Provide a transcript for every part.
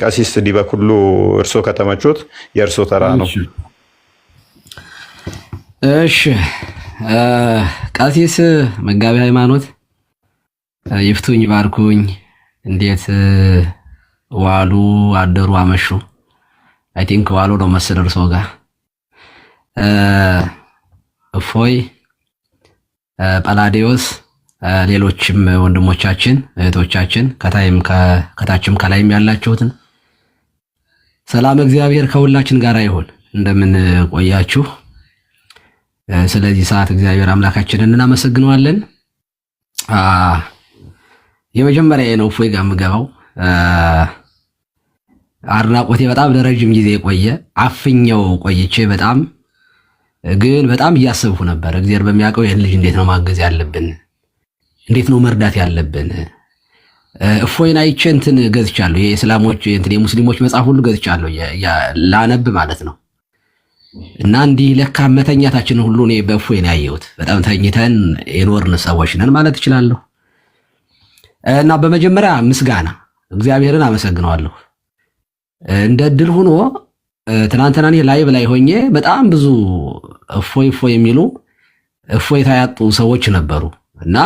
ቀሲስ ዲበኩሉ እርሶ ከተመቾት የእርሶ ተራ ነው። እሺ ቀሲስ መጋቢ ሃይማኖት ይፍቱኝ ባርኩኝ፣ እንዴት ዋሉ አደሩ አመሹ? አይ ቲንክ ዋሉ ነው መሰል እርሶ ጋር እፎይ ጳላዲዮስ ሌሎችም ወንድሞቻችን እህቶቻችን ከታችም ከላይም ያላችሁትን ሰላም እግዚአብሔር ከሁላችን ጋር ይሁን። እንደምን ቆያችሁ? ስለዚህ ሰዓት እግዚአብሔር አምላካችንን እናመሰግነዋለን። የመጀመሪያ ነው እፎይ ጋር የምገባው አድናቆቴ በጣም ለረጅም ጊዜ የቆየ አፍኛው ቆይቼ በጣም ግን በጣም እያሰብሁ ነበር። እግዚአብሔር በሚያውቀው ይህን ልጅ እንዴት ነው ማገዝ ያለብን እንዴት ነው መርዳት ያለብን? እፎይን አይቼ እንትን ገዝቻለሁ። የእስላሞች እንትን የሙስሊሞች መጽሐፍ ሁሉ ገዝቻለሁ ላነብ ማለት ነው። እና እንዲህ ለካ መተኛታችን ሁሉ እኔ በእፎይ ያየሁት። በጣም ተኝተን የኖርን ሰዎች ነን ማለት እችላለሁ። እና በመጀመሪያ ምስጋና እግዚአብሔርን አመሰግነዋለሁ። እንደ እድል ሆኖ ትናንትና እኔ ላይቭ ላይ ሆኜ በጣም ብዙ እፎይ እፎይ የሚሉ እፎይታ ያጡ ሰዎች ነበሩ እና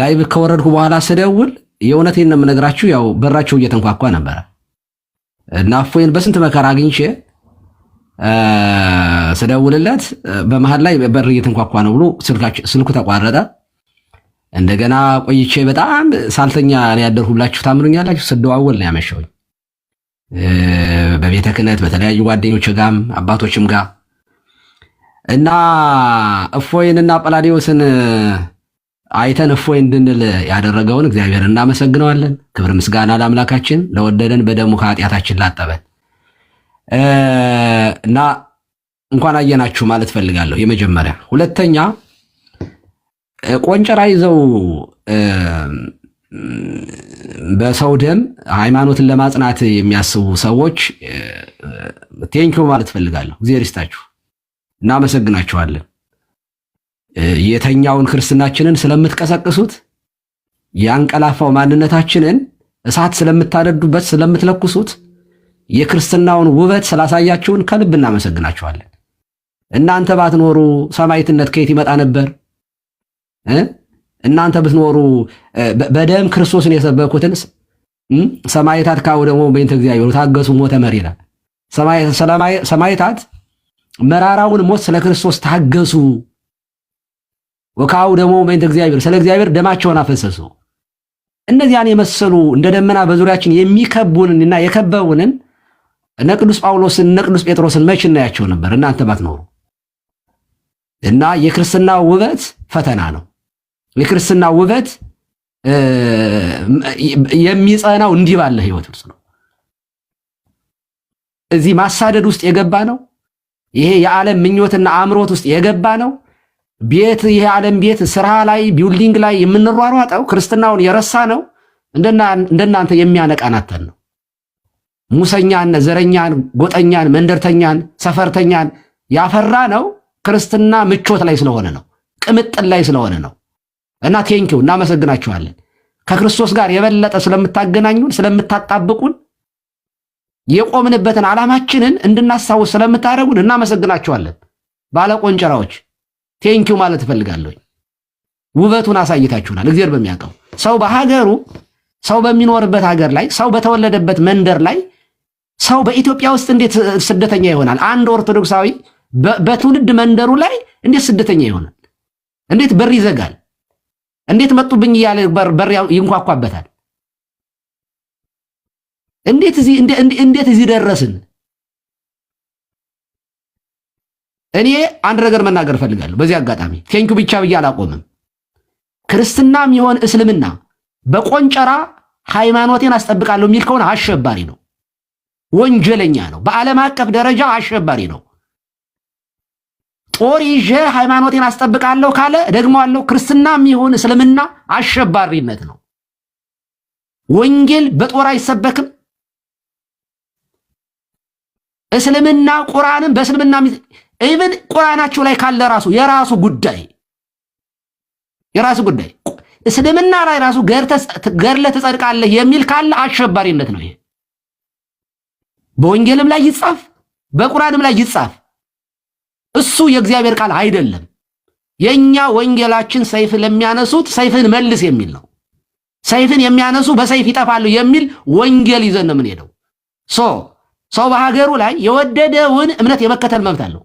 ላይቭ ከወረድኩ በኋላ ስደውል የእውነቴን ነው የምነግራችሁ፣ ያው በራቸው እየተንኳኳ ነበረ እና እፎይን በስንት መከራ አግኝቼ ስደውልለት በመሀል ላይ በር እየተንኳኳ ነው ብሎ ስልኩ ተቋረጠ። እንደገና ቆይቼ በጣም ሳልተኛ ያደርሁላችሁ ያደርኩ ታምኑኛላችሁ። ስደዋወል ነው ያመሸውኝ በቤተ ክህነት በተለያዩ ጓደኞች ጋም አባቶችም ጋር እና እፎይንና ጳላዲዮስን አይተን እፎይ እንድንል ያደረገውን እግዚአብሔር እናመሰግነዋለን። ክብር ምስጋና ለአምላካችን ለወደደን በደሙ ከኃጢአታችን ላጠበን እና እንኳን አየናችሁ ማለት ፈልጋለሁ። የመጀመሪያ ሁለተኛ፣ ቆንጨራ ይዘው በሰው ደም ሃይማኖትን ለማጽናት የሚያስቡ ሰዎች ቴንኪው ማለት ፈልጋለሁ። እግዚአብሔር ይስጣችሁ፣ እናመሰግናችኋለን። የተኛውን ክርስትናችንን ስለምትቀሰቅሱት ያንቀላፋው ማንነታችንን እሳት ስለምታደዱበት ስለምትለኩሱት የክርስትናውን ውበት ስላሳያችሁን ከልብ እናመሰግናችኋለን። እናንተ ባትኖሩ ሰማዕትነት ከየት ይመጣ ነበር? እናንተ ብትኖሩ በደም ክርስቶስን የሰበኩትን ሰማዕታት ካሁ ደግሞ በእንተ እግዚአብሔር ታገሱ ሞተ መሪ ይላል። ሰማዕታት መራራውን ሞት ስለ ክርስቶስ ታገሱ። ወካው ደግሞ በእንተ እግዚአብሔር ስለ እግዚአብሔር ደማቸውን አፈሰሱ። እነዚያን የመሰሉ እንደ ደመና በዙሪያችን የሚከቡንንና የከበቡንን እነ ቅዱስ ጳውሎስን እነ ቅዱስ ጴጥሮስን መች እናያቸው ነበር እናንተ ባትኖሩ? እና የክርስትና ውበት ፈተና ነው። የክርስትና ውበት የሚጸናው እንዲህ ባለ ህይወት ውስጥ ነው። እዚህ ማሳደድ ውስጥ የገባ ነው። ይሄ የዓለም ምኞትና አእምሮት ውስጥ የገባ ነው። ቤት ይሄ ዓለም ቤት ስራ ላይ ቢውልዲንግ ላይ የምንሯሯጠው ክርስትናውን የረሳ ነው። እንደናንተ የሚያነቃን አተን ነው። ሙሰኛን፣ ዘረኛን፣ ጎጠኛን፣ መንደርተኛን፣ ሰፈርተኛን ያፈራ ነው። ክርስትና ምቾት ላይ ስለሆነ ነው። ቅምጥል ላይ ስለሆነ ነው። እና ቴንኪው እናመሰግናችኋለን። ከክርስቶስ ጋር የበለጠ ስለምታገናኙን፣ ስለምታጣብቁን፣ የቆምንበትን ዓላማችንን እንድናስታውስ ስለምታደርጉን እናመሰግናችኋለን ባለቆንጨራዎች። ቴንኪው ማለት እፈልጋለሁ። ውበቱን አሳይታችሁናል። እግዚአብሔር በሚያውቀው ሰው በሀገሩ ሰው በሚኖርበት ሀገር ላይ ሰው በተወለደበት መንደር ላይ ሰው በኢትዮጵያ ውስጥ እንዴት ስደተኛ ይሆናል? አንድ ኦርቶዶክሳዊ በትውልድ መንደሩ ላይ እንዴት ስደተኛ ይሆናል? እንዴት በር ይዘጋል? እንዴት መጡብኝ እያለ በር ይንኳኳበታል? እንዴት እዚህ ደረስን? እኔ አንድ ነገር መናገር እፈልጋለሁ። በዚህ አጋጣሚ ቴንኪው ብቻ ብዬ አላቆምም። ክርስትናም ይሆን እስልምና በቆንጨራ ሃይማኖቴን አስጠብቃለሁ የሚል ከሆነ አሸባሪ ነው፣ ወንጀለኛ ነው፣ በዓለም አቀፍ ደረጃ አሸባሪ ነው። ጦር ይዤ ሃይማኖቴን አስጠብቃለሁ ካለ ደግሞ አለው ክርስትናም ይሆን እስልምና አሸባሪነት ነው። ወንጌል በጦር አይሰበክም። እስልምና ቁርአንም በእስልምና ኢቨን ቁርአናቸው ላይ ካለ ራሱ የራሱ ጉዳይ የራሱ ጉዳይ እስልምና ላይ ራሱ ገርለ ትጸድቃለህ የሚል ካለ አሸባሪነት ነው። ይሄ በወንጌልም ላይ ይጻፍ፣ በቁርአንም ላይ ይጻፍ። እሱ የእግዚአብሔር ቃል አይደለም። የኛ ወንጌላችን ሰይፍ ለሚያነሱት ሰይፍን መልስ የሚል ነው። ሰይፍን የሚያነሱ በሰይፍ ይጠፋሉ የሚል ወንጌል ይዘን ነው የምንሄደው። ሶ ሰው በሀገሩ ላይ የወደደውን እምነት የመከተል መብት አለው።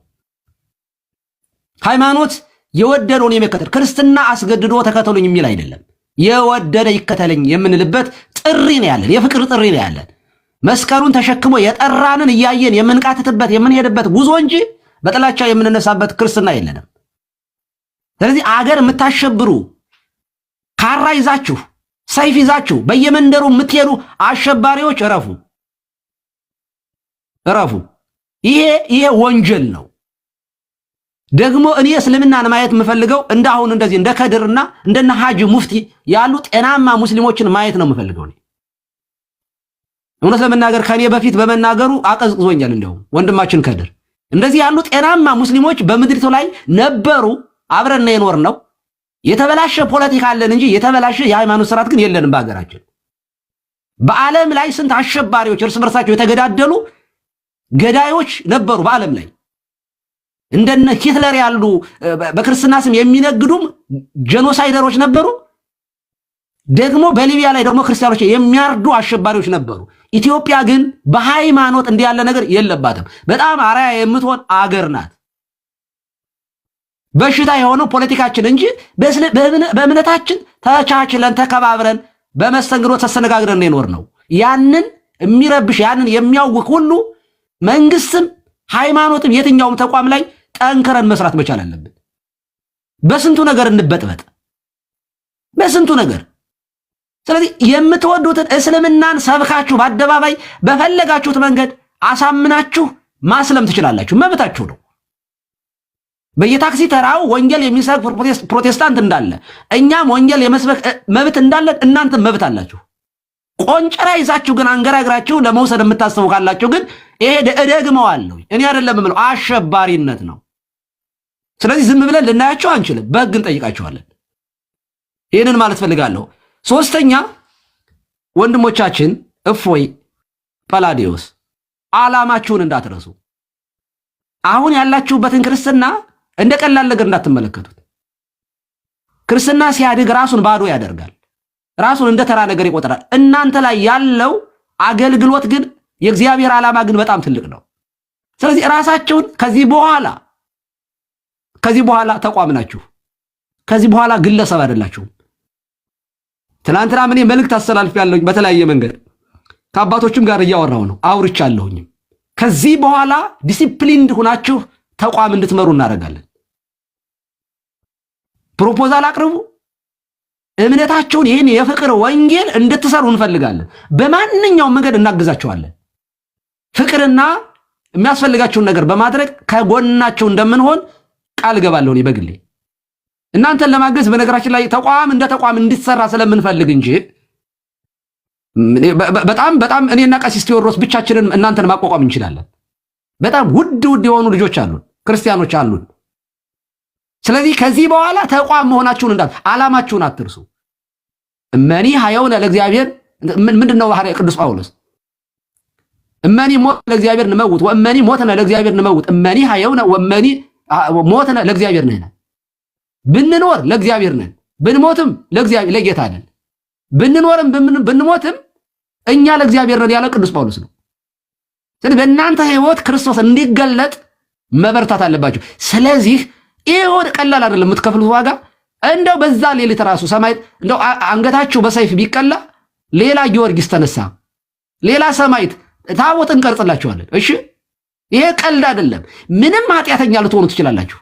ሃይማኖት የወደደውን የመከተል ክርስትና አስገድዶ ተከተሉኝ የሚል አይደለም። የወደደ ይከተለኝ የምንልበት ጥሪ ነው ያለን፣ የፍቅር ጥሪ ነው ያለን። መስቀሉን ተሸክሞ የጠራንን እያየን የምንቃትትበት የምንሄድበት ጉዞ እንጂ በጥላቻ የምንነሳበት ክርስትና የለንም። ስለዚህ አገር የምታሸብሩ ካራ ይዛችሁ ሰይፍ ይዛችሁ በየመንደሩ የምትሄዱ አሸባሪዎች እረፉ፣ እረፉ። ይሄ ይሄ ወንጀል ነው። ደግሞ እኔ እስልምናን ማየት የምፈልገው እንደ አሁን እንደዚህ እንደ ከድርና እንደነ ሀጅ ሙፍቲ ያሉ ጤናማ ሙስሊሞችን ማየት ነው የምፈልገው። እኔ እውነት ለመናገር ከኔ በፊት በመናገሩ አቀዝቅዞኛል። እንዲያውም ወንድማችን ከድር እንደዚህ ያሉ ጤናማ ሙስሊሞች በምድሪቱ ላይ ነበሩ። አብረን የኖር ነው። የተበላሸ ፖለቲካ አለን እንጂ የተበላሸ የሃይማኖት ስርዓት ግን የለንም በሀገራችን። በዓለም ላይ ስንት አሸባሪዎች እርስ በርሳቸው የተገዳደሉ ገዳዮች ነበሩ በዓለም ላይ እንደነ ሂትለር ያሉ በክርስትና ስም የሚነግዱም ጀኖሳይደሮች ነበሩ። ደግሞ በሊቢያ ላይ ደግሞ ክርስቲያኖች የሚያርዱ አሸባሪዎች ነበሩ። ኢትዮጵያ ግን በሃይማኖት እንዲህ ያለ ነገር የለባትም። በጣም አርአያ የምትሆን አገር ናት። በሽታ የሆነው ፖለቲካችን እንጂ በእምነታችን ተቻችለን ተከባብረን በመስተንግዶ ተስተነጋግረን የኖር ነው። ያንን የሚረብሽ ያንን የሚያውቅ ሁሉ መንግስትም ሃይማኖትም የትኛውም ተቋም ላይ ጠንክረን መስራት መቻል አለብን። በስንቱ ነገር እንበጥበጥ፣ በስንቱ ነገር። ስለዚህ የምትወዱትን እስልምናን ሰብካችሁ በአደባባይ በፈለጋችሁት መንገድ አሳምናችሁ ማስለም ትችላላችሁ። መብታችሁ ነው። በየታክሲ ተራው ወንጌል የሚሰብክ ፕሮቴስታንት እንዳለ እኛም ወንጌል የመስበክ መብት እንዳለን እናንተም መብት አላችሁ። ቆንጨራ ይዛችሁ ግን አንገራግራችሁ ለመውሰድ የምታስቡ ካላችሁ ግን ይሄ እደግመዋለሁ እኔ አይደለም የምለው አሸባሪነት ነው። ስለዚህ ዝም ብለን ልናያቸው አንችልም። በህግ እንጠይቃቸዋለን። ይህንን ማለት ፈልጋለሁ። ሶስተኛ ወንድሞቻችን እፎይ፣ ጳላዲዮስ አላማችሁን እንዳትረሱ። አሁን ያላችሁበትን ክርስትና እንደ ቀላል ነገር እንዳትመለከቱት። ክርስትና ሲያድግ ራሱን ባዶ ያደርጋል። ራሱን እንደ ተራ ነገር ይቆጠራል። እናንተ ላይ ያለው አገልግሎት ግን የእግዚአብሔር ዓላማ ግን በጣም ትልቅ ነው። ስለዚህ ራሳቸውን ከዚህ በኋላ ከዚህ በኋላ ተቋም ናችሁ። ከዚህ በኋላ ግለሰብ አይደላችሁም። ትናንትና እኔ መልእክት ያለሁኝ በተለያየ መንገድ ከአባቶችም ጋር እያወራሁ ነው አውርቻለሁኝም። ከዚህ በኋላ ዲሲፕሊንድ ሆናችሁ ተቋም እንድትመሩ እናደርጋለን። ፕሮፖዛል አቅርቡ። እምነታችሁን ይህን የፍቅር ወንጌል እንድትሰሩ እንፈልጋለን። በማንኛውም መንገድ እናግዛቸዋለን። ፍቅርና የሚያስፈልጋችሁን ነገር በማድረግ ከጎናችሁ እንደምንሆን ቃል ገባለሁ እኔ በግሌ እናንተን ለማገዝ። በነገራችን ላይ ተቋም እንደ ተቋም እንድትሰራ ስለምንፈልግ እንጂ በጣም በጣም እኔና ቀሲስ ቴዎድሮስ ብቻችንን እናንተን ማቋቋም እንችላለን። በጣም ውድ ውድ የሆኑ ልጆች አሉን፣ ክርስቲያኖች አሉን። ስለዚህ ከዚህ በኋላ ተቋም መሆናችሁን እንዳ አላማችሁን አትርሱ። እመኒ ሀየውነ ለእግዚአብሔር ምንድን ነው ባህሪ ቅዱስ ጳውሎስ እመኒ ሞት ለእግዚአብሔር ንመውት ወእመኒ ሞትነ ለእግዚአብሔር ንመውት እመኒ ሀየውነ ወእመኒ ሞትነ ለእግዚአብሔር ነን። ብንኖር ለእግዚአብሔር ነን፣ ብንሞትም ለእግዚአብሔር ለጌታ ነን። ብንኖርም ብንሞትም እኛ ለእግዚአብሔር ነን ያለ ቅዱስ ጳውሎስ ነው። ስለዚህ በእናንተ ህይወት ክርስቶስ እንዲገለጥ መበርታት አለባችሁ። ስለዚህ ይሁን ቀላል አይደለም የምትከፍሉት ዋጋ እንደው በዛ ሌሊት ራሱ ሰማይ እንደው አንገታችሁ በሰይፍ ቢቀላ ሌላ ጊዮርጊስ ተነሳ፣ ሌላ ሰማይት ታቦት እንቀርጽላችኋለን። እሺ ይሄ ቀልድ አይደለም። ምንም ኃጢአተኛ ልትሆኑ ትችላላችሁ።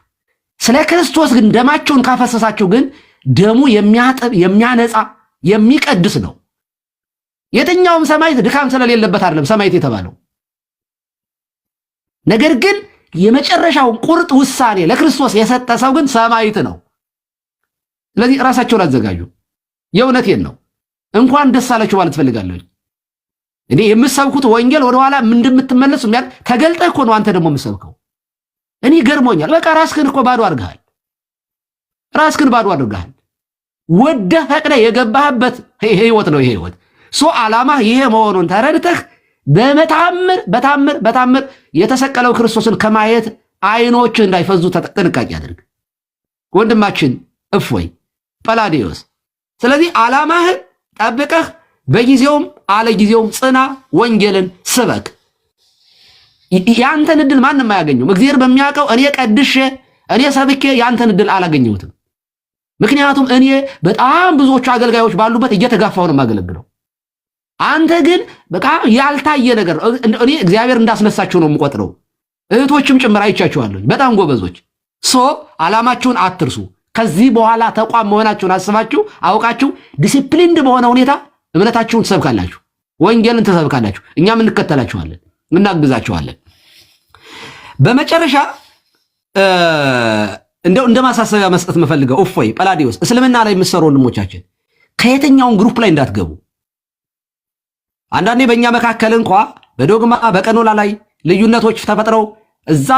ስለ ክርስቶስ ግን ደማቸውን ካፈሰሳችሁ ግን ደሙ የሚያጥብ፣ የሚያነጻ፣ የሚቀድስ ነው። የትኛውም ሰማዕት ድካም ስለሌለበት አይደለም ሰማዕት የተባለው። ነገር ግን የመጨረሻውን ቁርጥ ውሳኔ ለክርስቶስ የሰጠ ሰው ግን ሰማዕት ነው። ስለዚህ ራሳቸውን አዘጋጁ። የእውነቴን ነው። እንኳን ደስ አላችሁ ማለት ትፈልጋለሁ። እኔ የምሰብኩት ወንጌል ወደኋላ እንደምትመለስ የሚያል ተገልጠህ እኮ ነው አንተ ደግሞ የምሰብከው። እኔ ገርሞኛል። በቃ ራስክን እኮ ባዶ አድርገሃል። ራስክን ባዶ አድርገሃል። ወደህ ፈቅደህ የገባህበት ህይወት ነው ይሄ ህይወት። ሶ ዓላማህ ይሄ መሆኑን ተረድተህ በመታምር በታምር በታምር የተሰቀለው ክርስቶስን ከማየት አይኖች እንዳይፈዙ ጥንቃቄ አድርግ ወንድማችን እፎይ ጳላዲዮስ። ስለዚህ አላማህ ጠብቀህ በጊዜውም አለጊዜውም ጽና፣ ወንጌልን ስበክ። ያንተን እድል ማንም አያገኘውም። እግዚአብሔር በሚያውቀው እኔ ቀድሼ እኔ ሰብኬ ያንተን እድል አላገኘሁትም። ምክንያቱም እኔ በጣም ብዙዎቹ አገልጋዮች ባሉበት እየተጋፋው ነው የማገለግለው። አንተ ግን በቃ ያልታየ ነገር እኔ እግዚአብሔር እንዳስነሳቸው ነው የምቆጥረው። እህቶችም ጭምር አይቻችኋለሁ፣ በጣም ጎበዞች። ሶ አላማችሁን አትርሱ። ከዚህ በኋላ ተቋም መሆናችሁን አስባችሁ አውቃችሁ ዲሲፕሊንድ በሆነ ሁኔታ እምነታችሁን ትሰብካላችሁ፣ ወንጌልን ትሰብካላችሁ፣ እኛም እንከተላችኋለን፣ እናግዛችኋለን። በመጨረሻ እንደው እንደ ማሳሰቢያ መስጠት መፈልገው እፎይ ጳላዲዮስ እስልምና ላይ የምትሰሩ ወንድሞቻችን ከየትኛውን ግሩፕ ላይ እንዳትገቡ። አንዳንዴ በእኛ መካከል እንኳ በዶግማ በቀኖና ላይ ልዩነቶች ተፈጥረው እዛ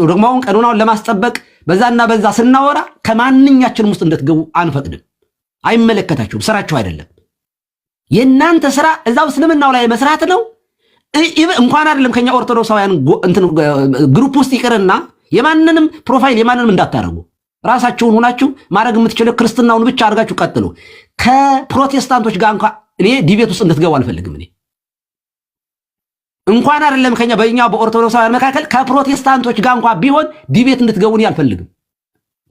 ዶግማውን ቀኖናውን ለማስጠበቅ በዛና በዛ ስናወራ ከማንኛችንም ውስጥ እንድትገቡ አንፈቅድም። አይመለከታችሁም፣ ስራችሁ አይደለም። የእናንተ ስራ እዛው እስልምናው ላይ መስራት ነው። እንኳን አይደለም ከኛ ኦርቶዶክሳውያን ግሩፕ ውስጥ ይቅርና የማንንም ፕሮፋይል የማንንም እንዳታረጉ ራሳችሁን ሆናችሁ ማድረግ የምትችለው ክርስትናውን ብቻ አድርጋችሁ ቀጥሉ። ከፕሮቴስታንቶች ጋር እንኳ እኔ ዲቤት ውስጥ እንድትገቡ አልፈልግም። እኔ እንኳን አይደለም ከኛ በእኛ በኦርቶዶክሳውያን መካከል ከፕሮቴስታንቶች ጋር እንኳ ቢሆን ዲቤት እንድትገቡ እኔ አልፈልግም።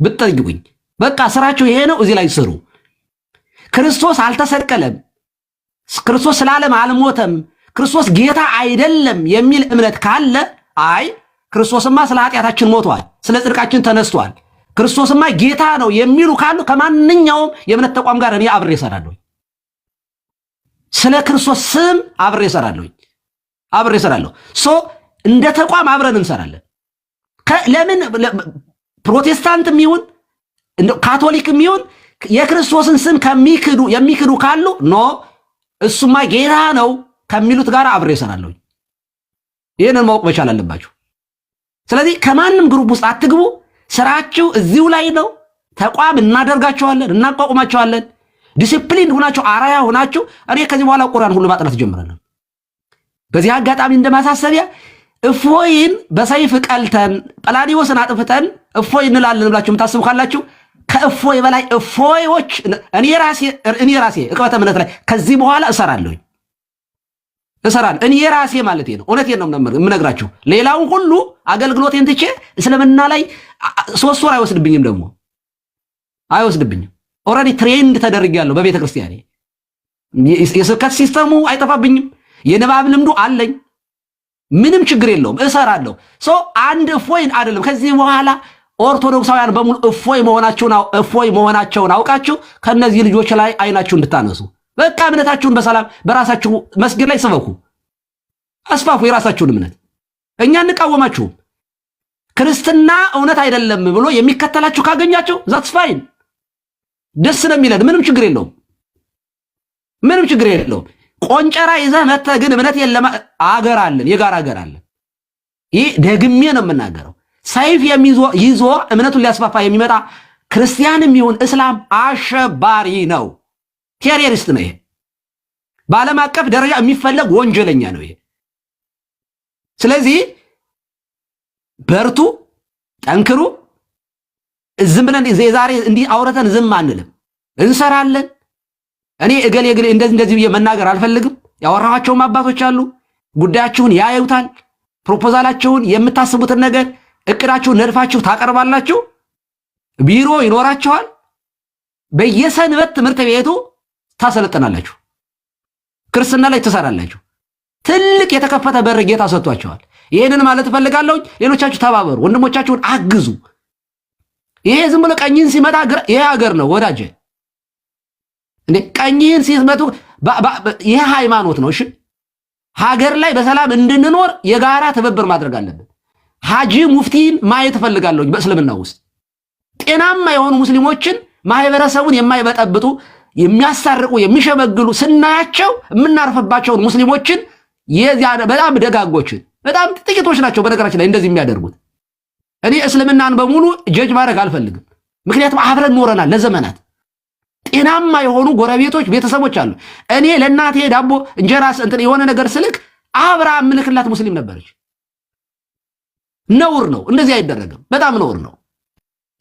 ብትጠይቁኝ በቃ ስራችሁ ይሄ ነው፣ እዚህ ላይ ስሩ። ክርስቶስ አልተሰቀለም ክርስቶስ ስላለም አልሞተም፣ ክርስቶስ ጌታ አይደለም የሚል እምነት ካለ አይ ክርስቶስማ ስለ ኃጢአታችን ሞቷል፣ ስለ ጽድቃችን ተነስቷል፣ ክርስቶስማ ጌታ ነው የሚሉ ካሉ ከማንኛውም የእምነት ተቋም ጋር እኔ አብሬ እሰራለሁ። ስለ ክርስቶስ ስም አብሬ እሰራለሁ፣ አብሬ እሰራለሁ። ሶ እንደ ተቋም አብረን እንሰራለን። ለምን ፕሮቴስታንት የሚሆን ካቶሊክ የሚሆን የክርስቶስን ስም ከሚክዱ የሚክዱ ካሉ ኖ እሱማ ጌታ ነው ከሚሉት ጋር አብሬ እሰራለሁ። ይህንን ማወቅ መቻል አለባችሁ። ስለዚህ ከማንም ግሩፕ ውስጥ አትግቡ። ስራችሁ እዚሁ ላይ ነው። ተቋም እናደርጋቸዋለን፣ እናቋቁማቸዋለን። ዲሲፕሊን ሆናችሁ አራያ ሆናችሁ እኔ ከዚህ በኋላ ቁርአን ሁሉ ማጥናት ጀምረናል። በዚህ አጋጣሚ እንደማሳሰቢያ እፎይን በሰይፍ ቀልተን ጵላዲዎስን አጥፍተን እፎይ እንላለን ብላችሁ የምታስቡ ካላችሁ ከእፎይ በላይ እፎዮች እኔ ራሴ እኔ ራሴ እምነት ላይ ከዚህ በኋላ እሰራለሁኝ እሰራለሁ እኔ ራሴ ማለት ነው። እውነቴን ነው የምነግራችሁ። ሌላውን ሁሉ አገልግሎቴን ትቼ እስልምና ላይ ሶስት ወር አይወስድብኝም፣ ደግሞ አይወስድብኝም። ኦልሬዲ ትሬንድ ተደርጌያለሁ በቤተ ክርስቲያኔ። የስብከት ሲስተሙ አይጠፋብኝም፣ የንባብ ልምዱ አለኝ። ምንም ችግር የለውም፣ እሰራለሁ። ሰው አንድ እፎይን አይደለም ከዚህ በኋላ ኦርቶዶክሳውያን በሙሉ እፎይ መሆናቸውን እፎይ መሆናቸውን አውቃችሁ ከነዚህ ልጆች ላይ አይናችሁ እንድታነሱ በቃ እምነታችሁን በሰላም በራሳችሁ መስጊድ ላይ ስበኩ፣ አስፋፉ የራሳችሁን እምነት። እኛ እንቃወማችሁም። ክርስትና እውነት አይደለም ብሎ የሚከተላችሁ ካገኛችሁ ዛትስ ፋይን፣ ደስ ነው የሚለን። ምንም ችግር የለውም፣ ምንም ችግር የለውም። ቆንጨራ ይዘህ መተህ ግን እምነት የለም። አገር አለን፣ የጋራ አገር አለን። ይህ ደግሜ ነው የምናገረው። ሰይፍ ይዞ እምነቱን ሊያስፋፋ የሚመጣ ክርስቲያንም ይሁን እስላም አሸባሪ ነው፣ ቴሮሪስት ነው። ይሄ በዓለም አቀፍ ደረጃ የሚፈለግ ወንጀለኛ ነው። ይሄ ስለዚህ በርቱ፣ ጠንክሩ። ዝም ብለን የዛሬ እንዲህ አውረተን ዝም አንልም፣ እንሰራለን። እኔ እገሌ እገሌ እንደዚህ እንደዚህ ብዬ መናገር አልፈልግም። ያወራኋቸውም አባቶች አሉ፣ ጉዳያችሁን ያዩታል። ፕሮፖዛላችሁን የምታስቡትን ነገር እቅዳችሁ ነድፋችሁ ታቀርባላችሁ። ቢሮ ይኖራችኋል። በየሰንበት ትምህርት ቤቱ ታሰለጥናላችሁ። ክርስትና ላይ ትሰራላችሁ። ትልቅ የተከፈተ በር ጌታ ሰጥቷቸዋል። ይህንን ማለት እፈልጋለሁ። ሌሎቻችሁ ተባበሩ፣ ወንድሞቻችሁን አግዙ። ይሄ ዝም ብሎ ቀኝህን ሲመታ ይሄ ሀገር ነው ወዳጀ እንዴ ቀኝህን ሲመቱ ይሄ ሃይማኖት ነው። እሺ ሀገር ላይ በሰላም እንድንኖር የጋራ ትብብር ማድረግ አለብን። ሀጂ ሙፍቲን ማየት እፈልጋለሁ። በእስልምና ውስጥ ጤናማ የሆኑ ሙስሊሞችን ማህበረሰቡን የማይበጠብጡ የሚያሳርቁ የሚሸመግሉ ስናያቸው የምናርፍባቸውን ሙስሊሞችን በጣም ደጋጎችን በጣም ጥቂቶች ናቸው። በነገራችን ላይ እንደዚህ የሚያደርጉት እኔ እስልምናን በሙሉ ጀጅ ማድረግ አልፈልግም። ምክንያቱም አብረን ኖረናል ለዘመናት። ጤናማ የሆኑ ጎረቤቶች፣ ቤተሰቦች አሉ። እኔ ለእናቴ ዳቦ እንጀራ እንትን የሆነ ነገር ስልክ አብራ ምልክላት ሙስሊም ነበረች። ነውር ነው። እንደዚህ አይደረግም። በጣም ነውር ነው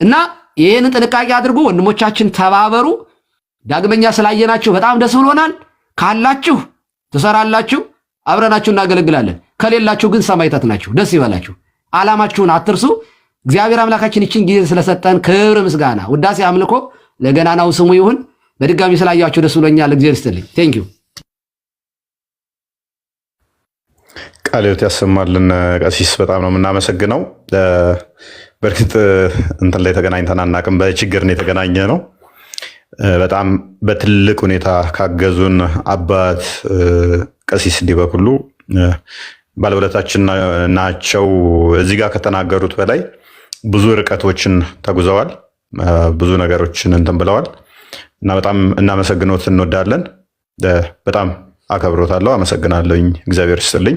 እና ይህንን ጥንቃቄ አድርጉ ወንድሞቻችን፣ ተባበሩ። ዳግመኛ ስላየናችሁ በጣም ደስ ብሎናል። ካላችሁ ትሰራላችሁ፣ አብረናችሁ እናገለግላለን። ከሌላችሁ ግን ሰማይታት ናችሁ። ደስ ይበላችሁ። ዓላማችሁን አትርሱ። እግዚአብሔር አምላካችን ይችን ጊዜ ስለሰጠን ክብር፣ ምስጋና፣ ውዳሴ፣ አምልኮ ለገናናው ስሙ ይሁን። በድጋሚ ስላያችሁ ደስ ብሎኛል። እግዚአብሔር ይስጥልኝ። ቴንኪው ቃልዮት ያሰማልን ቀሲስ፣ በጣም ነው የምናመሰግነው። በእርግጥ እንትን ላይ ተገናኝተን አናውቅም፣ በችግር የተገናኘ ነው። በጣም በትልቅ ሁኔታ ካገዙን አባት ቀሲስ እንዲበኩሉ ባለውለታችን ናቸው። እዚህ ጋር ከተናገሩት በላይ ብዙ ርቀቶችን ተጉዘዋል፣ ብዙ ነገሮችን እንትን ብለዋል እና በጣም እናመሰግኖት እንወዳለን በጣም አከብሮታለሁ። አመሰግናለሁኝ። እግዚአብሔር ይስጥልኝ።